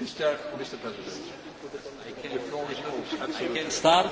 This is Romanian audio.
Mr. Mr. President, the floor I can start.